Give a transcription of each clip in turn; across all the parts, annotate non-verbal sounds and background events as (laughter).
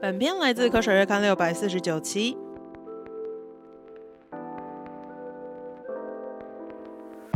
本片來自《科學月刊》六百四十九期。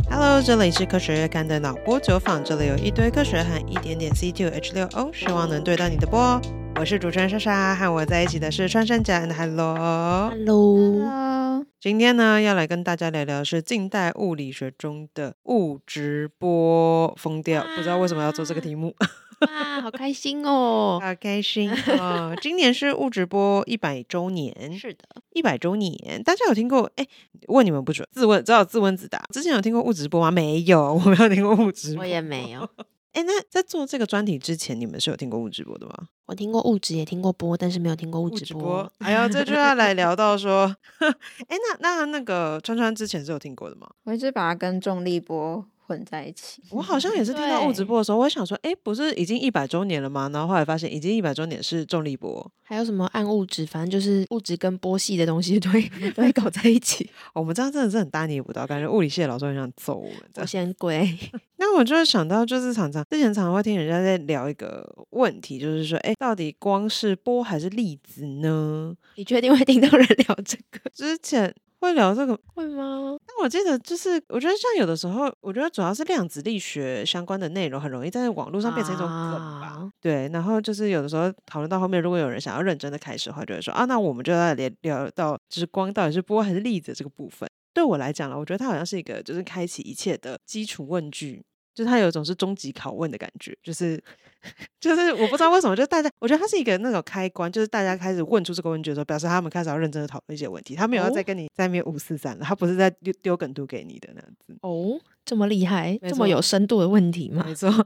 Hello，這裡是《科學月刊》的腦波酒坊，這裡有一堆科學和一點點 C two H 六 O，希望能對到你的波。我是主持人莎莎，和我在一起的是穿山甲 and Hello。Hello，今天呢要來跟大家聊聊是近代物理學中的物質波瘋掉！不知道為什麼要做這個題目。啊 (laughs) 哇，好開心哦！好開心啊、哦！今年是物質波一百周年，是的，一百周年。大家有聽過？哎、欸，問你們不准自問，只好自問自答。之前有聽過物質波嗎？沒有，我沒有聽過物質波。我也沒有。哎、欸，那在做這個專題之前，你們是有聽過物質波的嗎？我聽過物質，也聽過波，但是沒有聽過物質波，波。哎呀，這就要來聊到說，哎、 (laughs) 欸，那那那個川川之前是有聽過的嗎？我一直把它跟重力波，在一起，我好像也是聽到物質波的時候， (laughs) 對我想說，哎、欸，不是已經一百周年了嗎？然後後來發現，已經一百周年是重力波，還有什麼暗物質，反正就是物質跟波系的東西都會 (laughs) 都會搞在一起。 (laughs) 我們這樣真的是很大逆不道，感覺物理系的老師很想揍我們。我先歸， (laughs) (laughs) 那我就是想到，就是常常之前常常會聽人家在聊一個問題，就是說，哎、欸，到底光是波還是粒子呢？ (laughs) 你確定會聽到人聊這個？之前。會聊這個會嗎？那我記得就是，我覺得像有的時候，我覺得主要是量子力學相關的內容很容易在網絡上變成一種梗吧。啊、對，然後就是有的時候討論到後面，如果有人想要認真的開始的話，就會說啊，那我們就要聊聊到就是光到底是波還是粒子這個部分。對我來講了，我覺得它好像是一個就是開啟一切的基礎問句，就是它有一種是終極拷問的感覺，就是。 (laughs) 就是我不知道為什麼，就是大家，我覺得它是一個那種開關，就是大家開始問出這個問題的時候，表示他們開始要認真的討論一些問題，他沒有要再跟你在那邊五四三了，他不是在丟丟梗圖給你的那樣子。哦，這麼厲害，沒錯，這麼有深度的問題嗎？沒錯，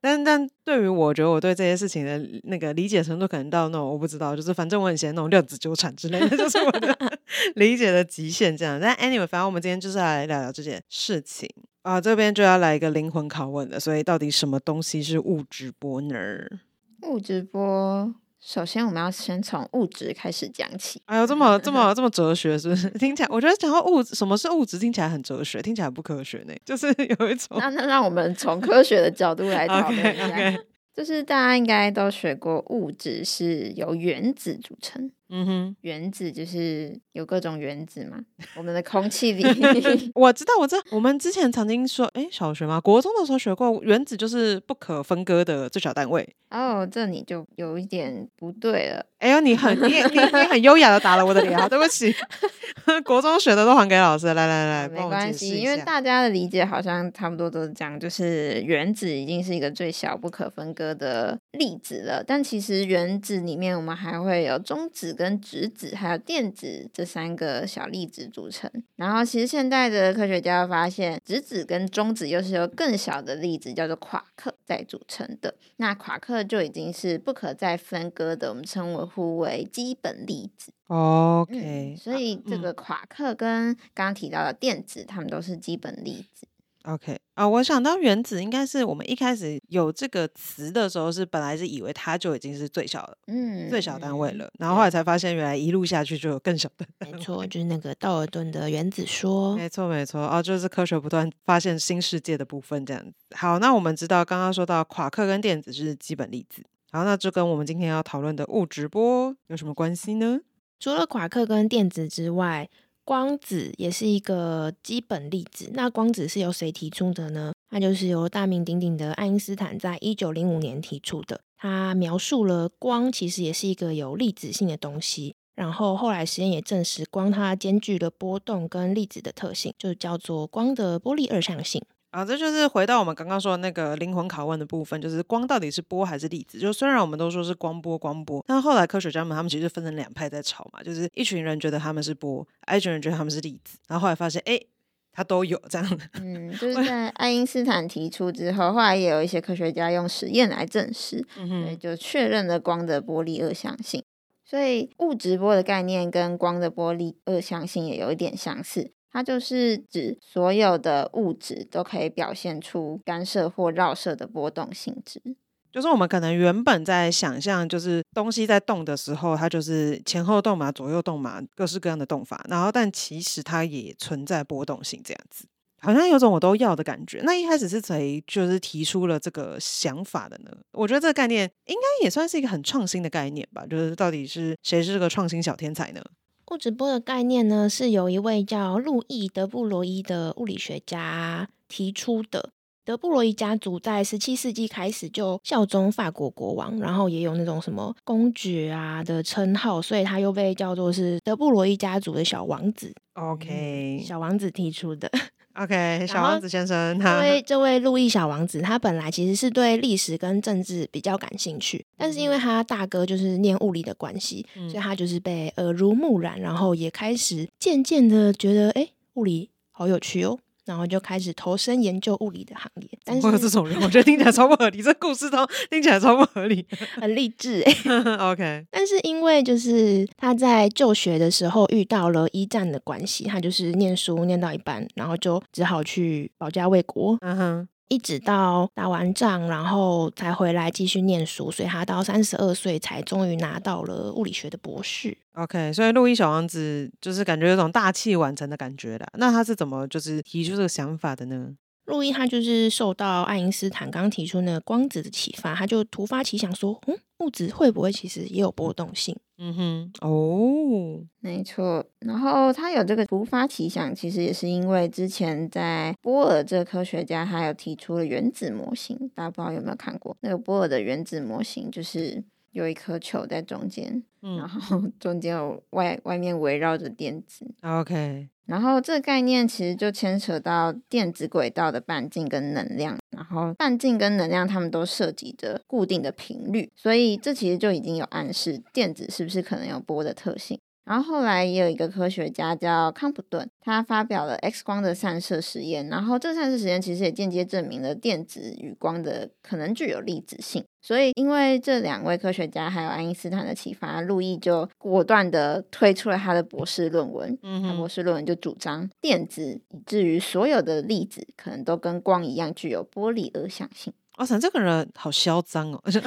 但但對於我，我覺得我對這些事情的那個理解程度，可能到那種我不知道，就是反正我很嫌那種量子糾纏之類的，就是我的理解的極限這樣。 (laughs) 但 anyway，反正我們今天就是要來聊聊這件事情啊，這邊就要來一個靈魂拷問了，所以到底什麼東西是物質波？我哪兒物質波，首先我們要先從物質開始講起。哎呦，這麼這麼吧這麼哲學，是不是？聽起來，我覺得講到物質，什麼是物質，聽起來很哲學，聽起來不科學呢。就是有一種，那那讓我們從科學的角度來討論一下。 (laughs) okay, okay. 就是大家應該都學過，物質是由原子組成。嗯哼，原子就是。有各種原子嘛。我們的空氣裡， (laughs) 我知道，我知道，我們之前曾經說，哎、欸，小學嘛，國中的時候學過原子就是不可分割的最小單位。哦，oh, 這你就有一點不對了。哎呦、欸，你很你你很優雅的打了我的臉 (laughs) 啊！對不起，國中學的都還給老師。來來來，沒關係，因為大家的理解好像差不多都是講，就是原子已經是一個最小不可分割的粒子了。但其實原子裡面我們還會有中子跟質子，還有電子這。三個小粒子組成，然後其實現代的科學家發現，質子，子跟中子又是由更小的粒子叫做夸克在組成的。那夸克就已經是不可再分割的，我們稱互為，為基本粒子。OK，、嗯、所以這個夸克跟剛剛提到的電子，它們都是基本粒子。OK 啊、哦，我想到原子應該是我們一開始有這個詞的時候，是本來是以為它就已經是最小的，嗯，最小單位了。嗯、然後後來才發現，原來一路下去就有更小的。沒錯，就是那個道爾頓的原子說。沒錯，沒錯，哦，就是科學不斷發現新世界的部分這樣子。好，那我們知道剛剛說到夸克跟電子就是基本粒子。好，那就跟我們今天要討論的物質波有什麼關係呢？除了夸克跟電子之外。光子也是一個基本粒子，那光子是由誰提出的呢？那就是由大名鼎鼎的愛因斯坦在一九零五年提出的，他描述了光其實也是一個有粒子性的東西，然後後來實驗也證實光它兼具了波動跟粒子的特性，就叫做光的波粒二象性。啊，這就是回到我們剛剛說的那個靈魂拷問的部分，就是光到底是波還是粒子？就雖然我們都說是光波光波，但後來科學家們他們其實分成兩派在吵嘛，就是一群人覺得他們是波，一群人覺得他們是粒子，然後後來發現，哎，它都有這樣的。。 (laughs) 嗯，就是在愛因斯坦提出之後，後來也有一些科學家用實驗來證實，嗯哼，所以就確認了光的波粒二象性。所以物質波的概念跟光的波粒二象性也有一點相似。它就是指所有的物質都可以表現出干涉或繞射的波動性質。就是我們可能原本在想象，就是東西在動的時候，它就是前後動嘛，左右動嘛，各式各樣的動法。然後，但其實它也存在波動性，這樣子好像有種我都要的感覺。那一開始是誰就是提出了這個想法的呢？我覺得這個概念應該也算是一個很創新的概念吧。就是到底是誰是個創新小天才呢？物質波的概念呢，是由一位叫路易·德布羅意的物理學家提出的。德布羅意家族在十七世紀開始就效忠法國國王，然後也有那種什麼公爵啊的稱號，所以他又被叫做是德布羅意家族的小王子。OK，嗯，小王子提出的。OK，後小王子先生，他因為這位路易小王子，他本來其實是對歷史跟政治比較感興趣，但是因為他大哥就是念物理的關係，嗯、所以他就是被耳濡、呃、目染，然後也開始漸漸的覺得，哎，物理好有趣哦。然後就開始投身研究物理的行業。但是這種人， (laughs) 我覺得聽起來超不合理， (laughs) 這故事都聽起來超不合理， (laughs) 很勵志哎。 (laughs) OK，但是因為就是他在就學的時候遇到了一戰的關係，他就是念書念到一半，然後就只好去保家衛國。嗯哼、uh。Huh. 一直到打完仗，然後才回來繼續念書，所以他到三十二歲才終於拿到了物理學的博士。OK，所以路易小王子就是感覺有種大器晚成的感覺了。那他是怎麼就是提出這個想法的呢？路易他就是受到愛因斯坦剛提出那個光子的啟發，他就突發奇想說，嗯，物質會不會其實也有波動性？嗯哼，哦，沒錯。然後他有這個突發奇想，其實也是因為之前在玻爾這個科學家，他有提出了原子模型，大家不知道有沒有看過那個玻爾的原子模型，就是。有一顆球在中間，嗯，然後中間有外外面圍繞着電子。OK，然後這個概念其實就牽扯到電子軌道的半徑跟能量，然後半徑跟能量，它們都涉及着固定的頻率，所以這其實就已經有暗示電子是不是可能有波的特性。然後後來也有一個科學家叫康普頓，他發表了 X 光的散射實驗。然後這個散射實驗其實也間接證明了電子與光的可能具有粒子性。所以因為這兩位科學家還有愛因斯坦的啟發，路易就果斷的推出了他的博士論文。嗯，他的博士論文就主張電子以至於所有的粒子可能都跟光一樣具有波粒二象性。哇，想、哦、這個人好囂張哦！ (laughs) 就是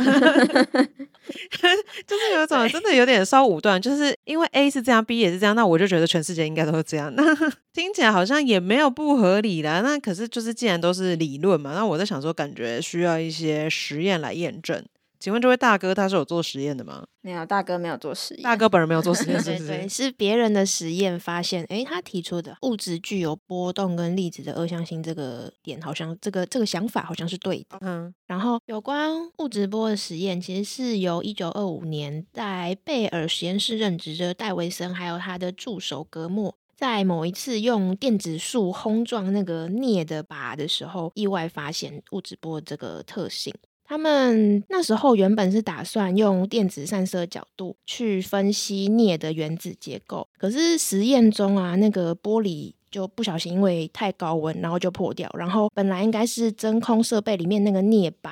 有一種真的有點稍武斷，對就是因為 A 是這樣，B 也是這樣，那我就覺得全世界應該都是這樣。那 (laughs) 聽起來好像也沒有不合理啦，那可是就是既然都是理論嘛，那我在想說，感覺需要一些實驗來驗證。請問這位大哥他是有做實驗的嗎？沒有，大哥沒有做實驗。大哥本人沒有做實驗，是不是 (laughs) 對對對，是別人的實驗發現。哎、欸，他提出的物質具有波動跟粒子的二象性這個點，好像這個這個想法好像是對的。嗯、uh，huh. 然後有關物質波的實驗，其實是由一九二五年在貝爾實驗室任職的戴維森，還有他的助手革末，在某一次用電子束轟撞那個鎳的靶的時候，意外發現物質波的這個特性。他們那時候原本是打算用電子散射角度去分析鎳的原子結構，可是實驗中啊，那個玻璃，就不小心因為太高溫，然後就破掉。然後本來應該是真空設備裡面那個鎳靶，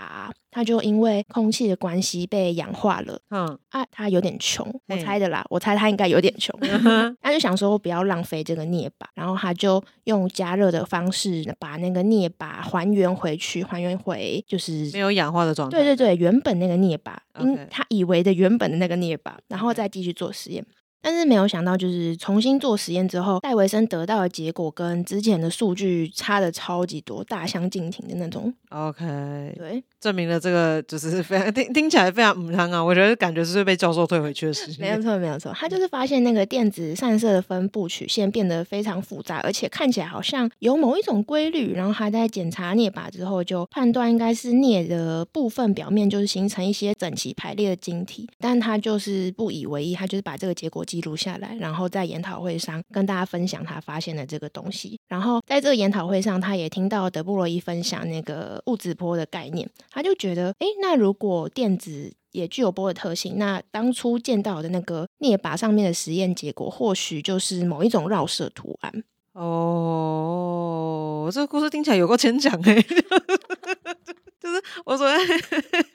它就因為空氣的關係被氧化了。嗯啊，他有點窮，嘿我猜的啦。我猜他應該有點窮，他嘿呵就想說不要浪費這個鎳靶，然後他就用加熱的方式把那個鎳靶還原回去，還原回就是沒有氧化的狀態。對對對，原本那個鎳靶，因他 Okay 以為的原本的那個鎳靶，然後再繼續做實驗。但是沒有想到，就是重新做實驗之後，戴維森得到的結果跟之前的數據差的超級多，大相徑庭的那種。OK，對。證明了這個就是非常聽聽起來非常唔香啊！我覺得感覺是被教授退回去的事情。 (laughs) 沒有錯，沒有錯，他就是發現那個電子散射的分布曲線變得非常複雜，而且看起來好像有某一種規律。然後他在檢查鎳靶之後，就判斷應該是鎳的部分表面就是形成一些整齊排列的晶體，但他就是不以為意，他就是把這個結果記錄下來，然後在研討會上跟大家分享他發現的這個東西。然後在這個研討會上，他也聽到德布羅意分享那個物質波的概念。他就覺得，哎，那如果電子也具有波的特性，那當初見到的那個鎳靶上面的實驗結果，或許就是某一種繞射圖案哦。這個故事聽起來有夠牽強哎， (laughs) 就是、 (laughs) (laughs) 就是、我說。 (laughs)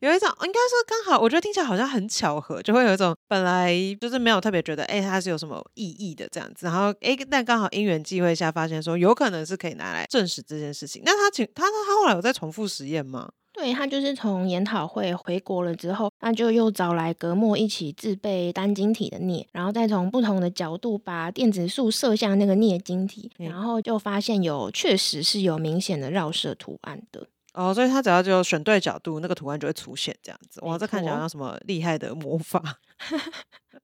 有一種，應該說剛好，我覺得聽起來好像很巧合，就會有一種本來就是沒有特別覺得，哎、欸，它是有什麼意義的這樣子，然後哎、欸，但剛好因緣際會下發現說，有可能是可以拿來證實這件事情。那他請他，他後來有再重複實驗嗎？對，他就是從研討會回國了之後，他就又找來革末一起制備單晶體的鎳，然後再從不同的角度把電子束射向那個鎳晶體，然後就發現有確、嗯、實是有明顯的繞射圖案的。哦，所以他只要就選對角度，那個圖案就會出現這樣子。哇錯，這看起來好像什麼厲害的魔法？ (laughs)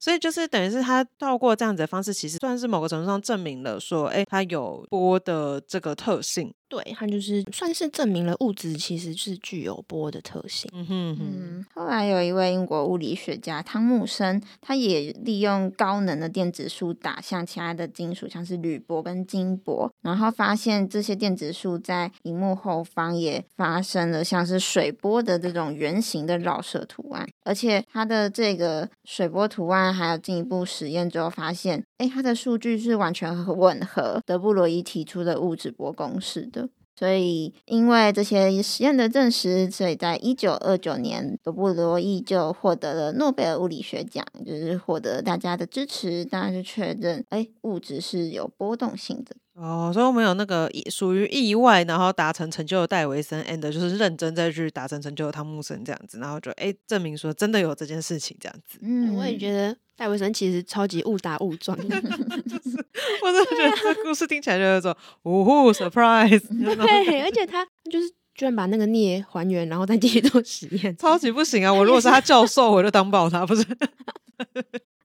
所以就是等於是他透過這樣子的方式，其實算是某個程度上證明了說，哎、欸，他有波的這個特性。對，它就是算是證明了物質其實是具有波的特性。嗯哼哼。後來有一位英國物理學家湯木生，他也利用高能的電子束打向其他的金屬，像是鋁箔跟金箔，然後發現這些電子束在熒幕後方也發生了像是水波的這種圓形的繞射圖案。而且他的這個水波圖案，還有進一步實驗之後發現，哎，他的數據是完全吻合德布羅意提出的物質波公式的。所以，因為這些實驗的證實，所以在一九二九年，德布羅意就獲得了諾貝爾物理學獎，就是獲得大家的支持，當然是確認，哎，物質是有波動性的。哦，所以我們有那個意屬於意外，然後達成成就戴維森，and 就是認真再去達成成就湯木森這樣子，然後就哎、欸、證明說真的有這件事情這樣子。嗯， (music) 我也覺得戴維森其實超級誤打誤撞， (laughs) (laughs) 就是我真的覺得這故事聽起來就是說，嗚呼，surprise！對，而且他就是居然把那個鎳還原，然後再繼續做實驗，超級不行啊！我如果是他教授， (laughs) 我就當爆他不是。 (laughs)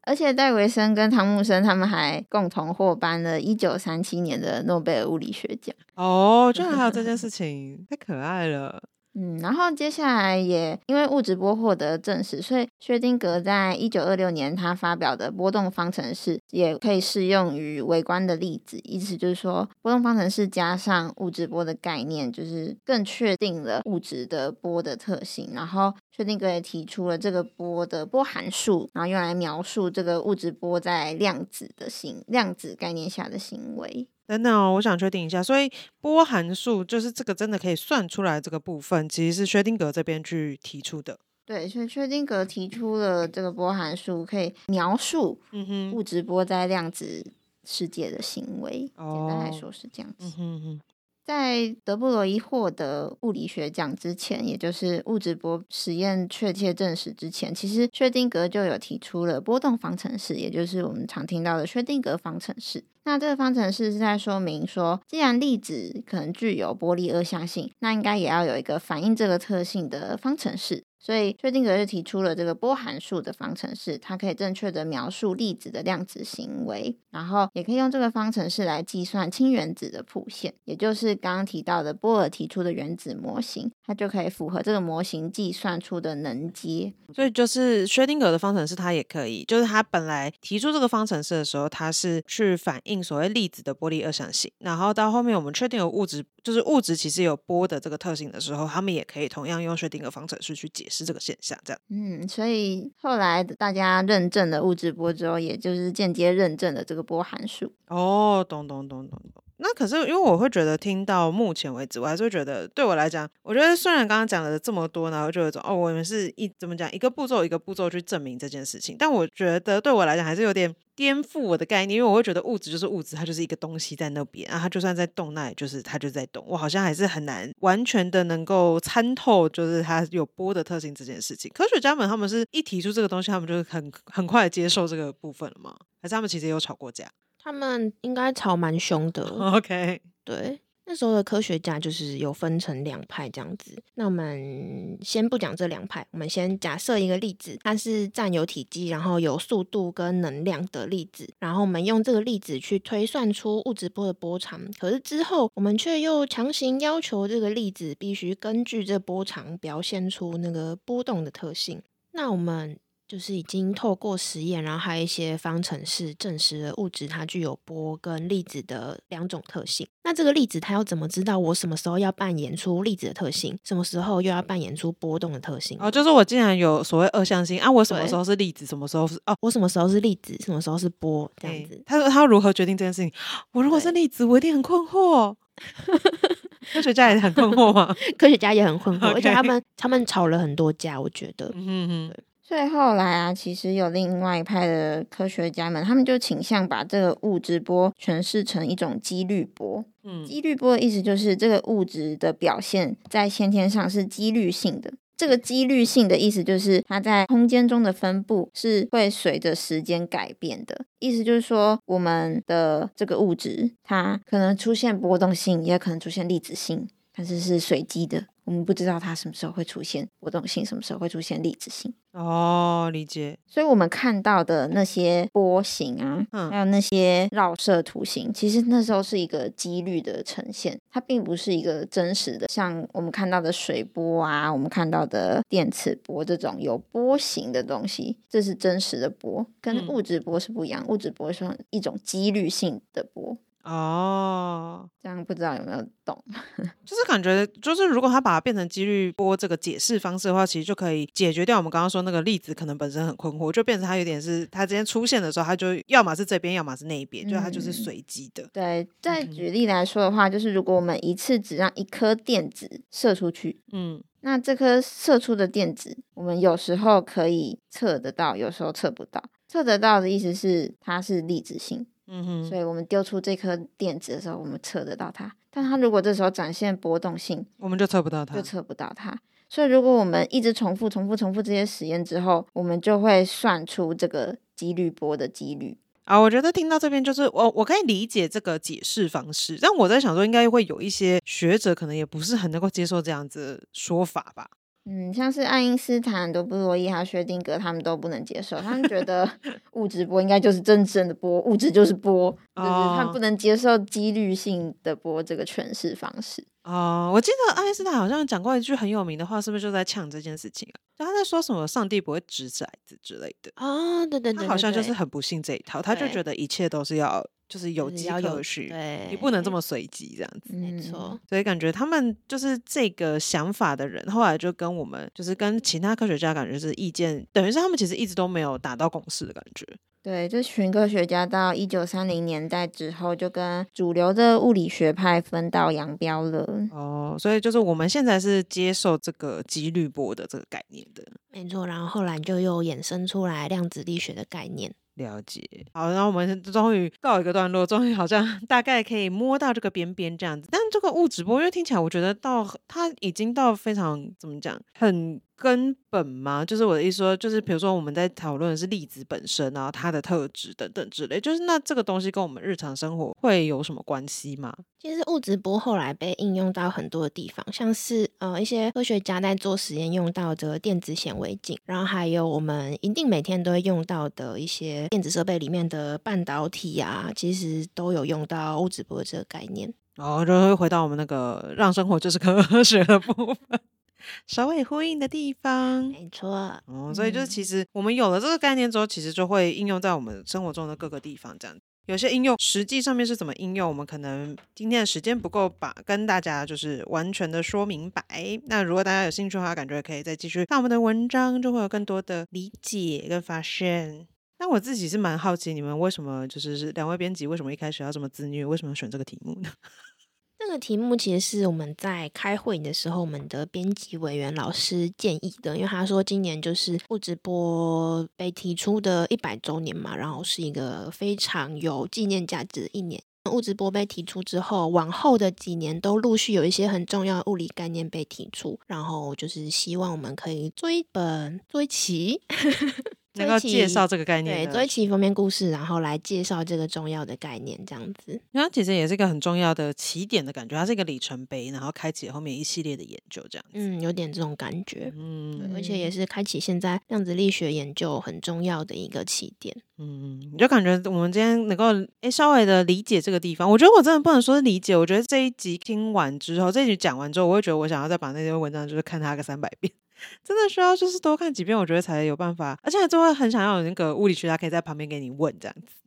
而且戴維森跟湯木生他們還共同獲頒了1937年的諾貝爾物理學獎。哦，居然還有這件事情， (laughs) 太可愛了。嗯，然後接下來也因為物質波獲得證實，所以薛定諤在一九二六年他發表的波動方程式也可以適用於微觀的例子，意思就是說，波動方程式加上物質波的概念，就是更確定了物質的波的特性。然後薛丁格也提出了這個波的波函數，然後用來描述這個物質波在量子的行，量子概念下的行為。等等哦，我想確定一下，所以波函數就是這個真的可以算出來這個部分，其實是薛丁格這邊去提出的。對，所以薛丁格提出了這個波函數可以描述物質波在量子世界的行為，嗯、哼簡單來說是這樣子。嗯哼在德布羅意獲得物理學獎之前，也就是物質波實驗確切證實之前，其實薛丁格就有提出了波動方程式，也就是我們常聽到的薛丁格方程式。那這個方程式是在說明說，既然粒子可能具有波粒二象性，那應該也要有一個反映這個特性的方程式。所以薛定諤是提出了這個波函數的方程式，它可以正確的描述粒子的量子行為，然後也可以用這個方程式來計算氫原子的譜線，也就是剛剛提到的波爾提出的原子模型，它就可以符合這個模型計算出的能階。所以就是薛定諤的方程式，它也可以，就是它本來提出這個方程式的時候，它是去反映所謂粒子的波粒二象性，然後到後面我們確定有物質，就是物質其實有波的這個特性的時候，他們也可以同樣用薛定諤方程式去解釋。是這個現象，這樣。嗯，所以後來大家認證了物質波之後，也就是間接認證了這個波函數。哦，懂懂懂懂懂。懂懂那可是因為我會覺得聽到目前為止，我還是會覺得對我來講，我覺得雖然剛剛講了這麼多，然後就有一種哦，我們是一怎麼講，一個步驟一個步驟去證明這件事情，但我覺得對我來講還是有點顛覆我的概念，因為我會覺得物質就是物質，它就是一個東西在那邊啊，它就算在動，那也就是它就在動。我好像還是很難完全的能夠參透，就是它有波的特性這件事情。科學家們他們是，一提出這個東西，他們就是很很快接受這個部分了嗎？還是他們其實也有吵過架？他們應該吵蠻凶的。OK，對，那時候的科學家就是有分成兩派這樣子。那我們先不講這兩派，我們先假設一個粒子，它是佔有體積，然後有速度跟能量的粒子。然後我們用這個粒子去推算出物質波的波長。可是之後，我們卻又強行要求這個粒子必須根據這波長表現出那個波動的特性。那我們。就是已經透過實驗，然後還有一些方程式，證實了物質它具有波跟粒子的兩種特性。那這個粒子它又怎麼知道我什麼時候要扮演出粒子的特性，什麼時候又要扮演出波動的特性？哦，就是我竟然有所謂二象性啊！我什麼時候是粒子，對什麼時候是哦？我什麼時候是粒子，什麼時候是波？這樣子，他說他如何決定這件事情？我如果是粒子，我一定很困惑。對 (laughs) 科學家也很困惑啊！科學家也很困惑，Okay 而且他們他們吵了很多架。我覺得，嗯嗯哼。所以後來啊，其實有另外一派的科學家們，他們就傾向把這個物質波詮釋成一種幾率波。嗯，幾率波的意思就是這個物質的表現在先天上是幾率性的。這個幾率性的意思就是它在空間中的分布是會隨着時間改變的。意思就是說，我們的這個物質它可能出現波動性，也可能出現粒子性，但是是隨機的。我們不知道它什麼時候會出現波動性，什麼時候會出現粒子性。哦，oh, 理解。所以，我們看到的那些波形啊，嗯、還有那些繞射圖形，其實那時候是一個幾率的呈現，它並不是一個真實的。像我們看到的水波啊，我們看到的電磁波這種有波形的東西，這是真實的波，跟物質波是不一樣。嗯、物質波是一種幾率性的波。哦，這樣不知道有沒有懂，就是感覺就是如果它把它變成幾率波這個解釋方式的話，其實就可以解決掉我們剛剛說那個粒子可能本身很困惑，就變成它有點是它之間出現的時候，它就要麼是這邊，要麼是那一邊，嗯、就它就是隨機的。對，再舉例來說的話，嗯、就是如果我們一次只讓一顆電子射出去，嗯，那這顆射出的電子，我們有時候可以測得到，有時候測不到。測得到的意思是它是粒子性。嗯哼，所以我們丟出這顆電子的時候，我們測得到它。但它如果這時候展現波動性，我們就測不到它，就測不到它。所以如果我們一直重複、重複、重複這些實驗之後，我們就會算出這個幾率波的幾率。啊，我覺得聽到這邊就是我，我可以理解這個解釋方式。但我在想說，應該會有一些學者可能也不是很能夠接受這樣子的說法吧。嗯，像是愛因斯坦、德布羅意、還有薛丁格，他們都不能接受。他們覺得物質波應該就是真正的波，物質就是波，就、哦、是，不是，他們不能接受幾率性的波這個詮釋方式。哦，我記得愛因斯坦好像講過一句很有名的話，是不是就在嗆這件事情啊？他在說什麼“上帝不會擲骰子”之類的啊、哦？對對，對，對，對他好像就是很不信這一套，對他就覺得一切都是要。就是有跡可循，對，你不能這麼隨機這樣子，沒錯。所以感覺他們就是這個想法的人，後來就跟我們，就是跟其他科學家感覺是意見，等於是他們其實一直都沒有達到共識的感覺。對，這群科學家到一九三零年代之後，就跟主流的物理學派分道揚鑣了。哦，所以就是我們現在是接受這個機率波的這個概念的，沒錯。然後後來就又衍生出來量子力學的概念。了解，好，那我們終於告一個段落，終於好像大概可以摸到這個邊邊這樣子，但這個物質不因為聽起來我覺得到它已經到非常怎麼講，很。根本嗎？就是我的意思說，就是比如說我們在討論的是粒子本身啊，它的特質等等之類，就是那這個東西跟我們日常生活會有什麼關係嗎？其實物質波後來被應用到很多的地方，像是呃一些科學家在做實驗用到的電子顯微鏡，然後還有我們一定每天都會用到的一些電子設備裡面的半導體啊，其實都有用到物質波的這個概念。哦，然後又回到我們那個讓生活就是科學的部分。 (laughs) 首尾呼應的地方，沒錯。哦，所以就是其實我們有了這個概念之後，嗯，其實就會應用在我們生活中的各個地方。這樣，有些應用實際上面是怎麼應用，我們可能今天的時間不夠把跟大家就是完全的說明白。那如果大家有興趣的話，感覺可以再繼續看我們的文章，就會有更多的理解跟發現。那我自己是蠻好奇，你們為什麼就是兩位編輯為什麼一開始要這麼自虐，為什麼要選這個題目呢？這個題目其實是我們在開會的時候，我們的編輯委員老師建議的，因為他說今年就是物質波被提出的一百周年嘛，然後是一個非常有紀念價值的一年。物質波被提出之後，往後的幾年都陸續有一些很重要物理概念，被提出，然後就是希望我們可以做一本，做一期。 (laughs) 能夠介紹這個概念，對，做一期封面故事，然後來介紹這個重要的概念，這樣子，樣子，因為它其實也是一個很重要的起點的感覺，它是一個里程碑，然後開啟後面一系列的研究，這樣子，嗯，有點這種感覺，嗯，而且也是開啟現在量子力學研究很重要的一個起點，嗯，你就感覺我們今天能夠誒、欸、稍微的理解這個地方，我覺得我真的不能說是理解，我覺得這一集聽完之後，這一集講完之後，我會覺得我想要再把那篇文章就是看它個三百遍。 (laughs) 真的需要就是多看幾遍，我覺得才有辦法，而且還真的很想要有那個物理學家可以在旁邊給你問這樣子。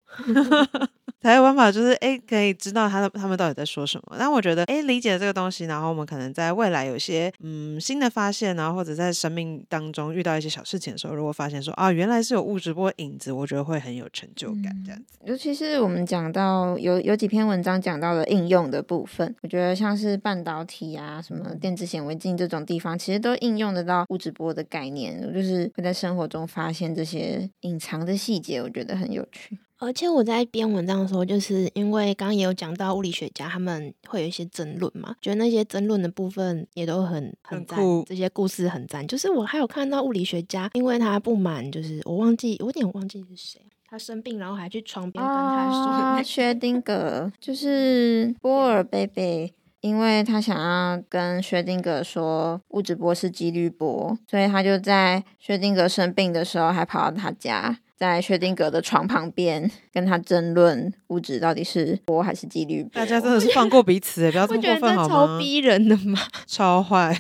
才有辦法就是，誒、欸、可以知道他的他們到底在說什麼。但我覺得，誒、欸、理解了這個東西，然後我們可能在未來有些嗯新的發現，然後或者在生命當中遇到一些小事情的時候，如果發現說啊，原來是有物質波影子，我覺得會很有成就感。嗯、這樣子，尤其是我們講到有有幾篇文章講到了應用的部分，我覺得像是半導體啊、什麼電子顯微鏡這種地方，其實都應用得到物質波的概念。就是會在生活中發現這些隱藏的細節，我覺得很有趣。而且我在編文章的時候，就是因為剛剛也有講到物理學家他們會有一些爭論嘛，覺得那些爭論的部分也都很很讚，很酷這些故事很讚。就是我還有看到物理學家，因為他不滿，就是我忘記，我有點忘記是誰，他生病然後還去床邊跟他、哦、說薛丁格就是波爾貝貝，因為他想要跟薛丁格說物質波是機率波，所以他就在薛丁格生病的時候還跑到他家。在薛丁格的床旁邊跟他爭論物質到底是波還是幾率，大家真的是放過彼此，不，覺得，不要這麼過分好嗎？人家超逼人的嘛，超壞壞！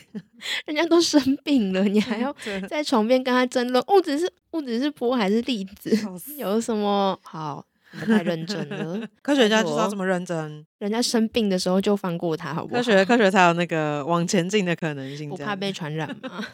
人家都生病了，你還要在床邊跟他爭論物質是物質是波還是粒子， (laughs) 有什麼好？你們太認真了， (laughs) 科學家知道這麼認真？人家生病的時候就放過他，好不好？科學科學才有那個往前進的可能性，不怕被傳染嗎？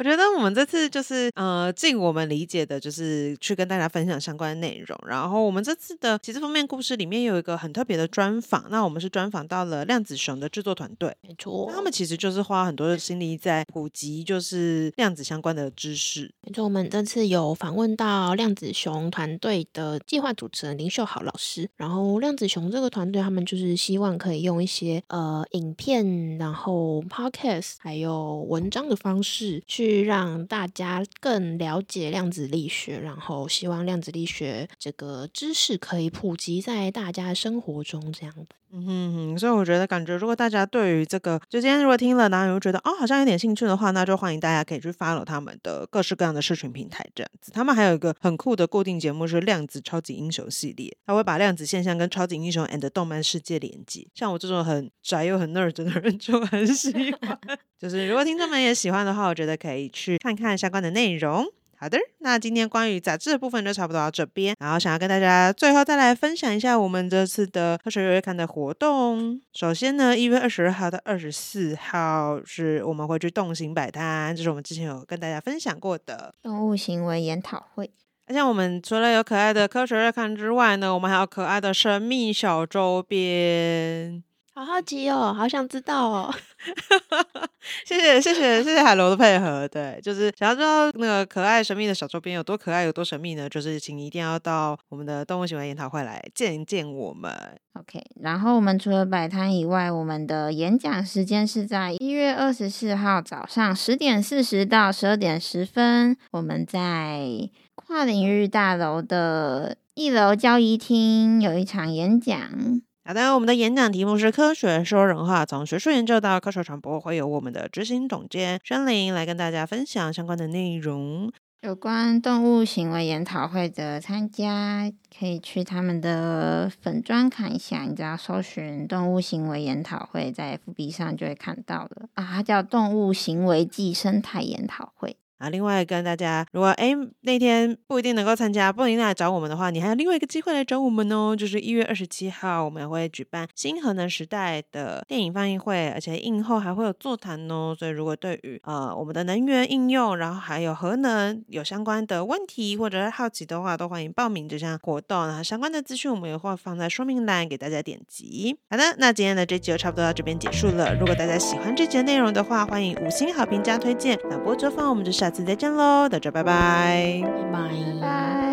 我覺得我們這次就是呃盡我們理解的，就是去跟大家分享相關的內容。然後我們這次的其實封面故事裡面有一個很特別的專訪，那我們是專訪到了量子熊的製作團隊。沒錯，那他們其實就是花很多的心力在普及，就是量子相關的知識。沒錯，我們這次有訪問到量子熊團隊的計劃主持人林秀豪老師。然後量子熊這個團隊，他們就是希望可以用一些呃影片，然後 podcast，還有文章的方式去。去讓大家更了解量子力學，然後希望量子力學這個知識可以普及在大家的生活中這樣的嗯哼哼，所以我覺得感覺，如果大家對於這個，就今天如果聽了，然後又覺得哦，好像有點興趣的話，那就歡迎大家可以去 follow 他們的各式各樣的社群平台這樣子。他們還有一個很酷的固定節目是量子超級英雄系列，他會把量子現象跟超級英雄 and 動漫世界連接。像我這種很宅又很 nerd 的人就很喜歡。 (laughs) 就是如果聽眾們也喜歡的話，我覺得可以，可以去看看相關的內容。好的，那今天關於雜誌的部分就差不多到這邊。然後想要跟大家最後再來分享一下我們這次的科學月刊的活動。首先呢，一月二十二號到二十四號是我們會去動行擺攤，這，就是我們之前有跟大家分享過的動物行為研討會。而且我們除了有可愛的科學月刊之外呢，我們還有可愛的神秘小周邊。好好奇哦，好想知道哦！ (laughs) 謝謝謝謝謝謝海螺的配合，對，就是想要知道那個可愛神秘的小周邊有多可愛、有多神秘呢？就是請你一定要到我們的動物行為研討會來見一見我們。OK，然後我們除了擺攤以外，我們的演講時間是在一月二十四號早上十點四十到十二點十分，我們在跨領域大樓的一樓交易廳有一場演講。好的，我們的演講題目是“科學說人話”，從學術研究到科學傳播，會有我們的執行總監軒翎來跟大家分享相關的內容。有關動物行為研討會的參加，可以去他們的粉專看一下，你只要搜尋“動物行為研討會”，在 FB 上就會看到了啊，它叫“動物行為暨生態研討會”。啊，另外跟大家，如果哎，那天不一定能夠參加，不一定來找我們的話，你還有另外一個機會來找我們哦，就是一月二十七號，我們也會舉辦新核能時代的電影放映會，而且映後還會有座談哦。所以如果對於呃我們的能源應用，然後還有核能有相關的問題或者是好奇的話，都歡迎報名這項活動。然後相關的資訊我們也會放在說明欄給大家點擊。好的，那今天的這集就差不多到這邊結束了。如果大家喜歡這節內容的話，歡迎五星好評加推薦。那播之放我們就下、是。下次再見嘍，大家拜拜。拜拜。拜拜。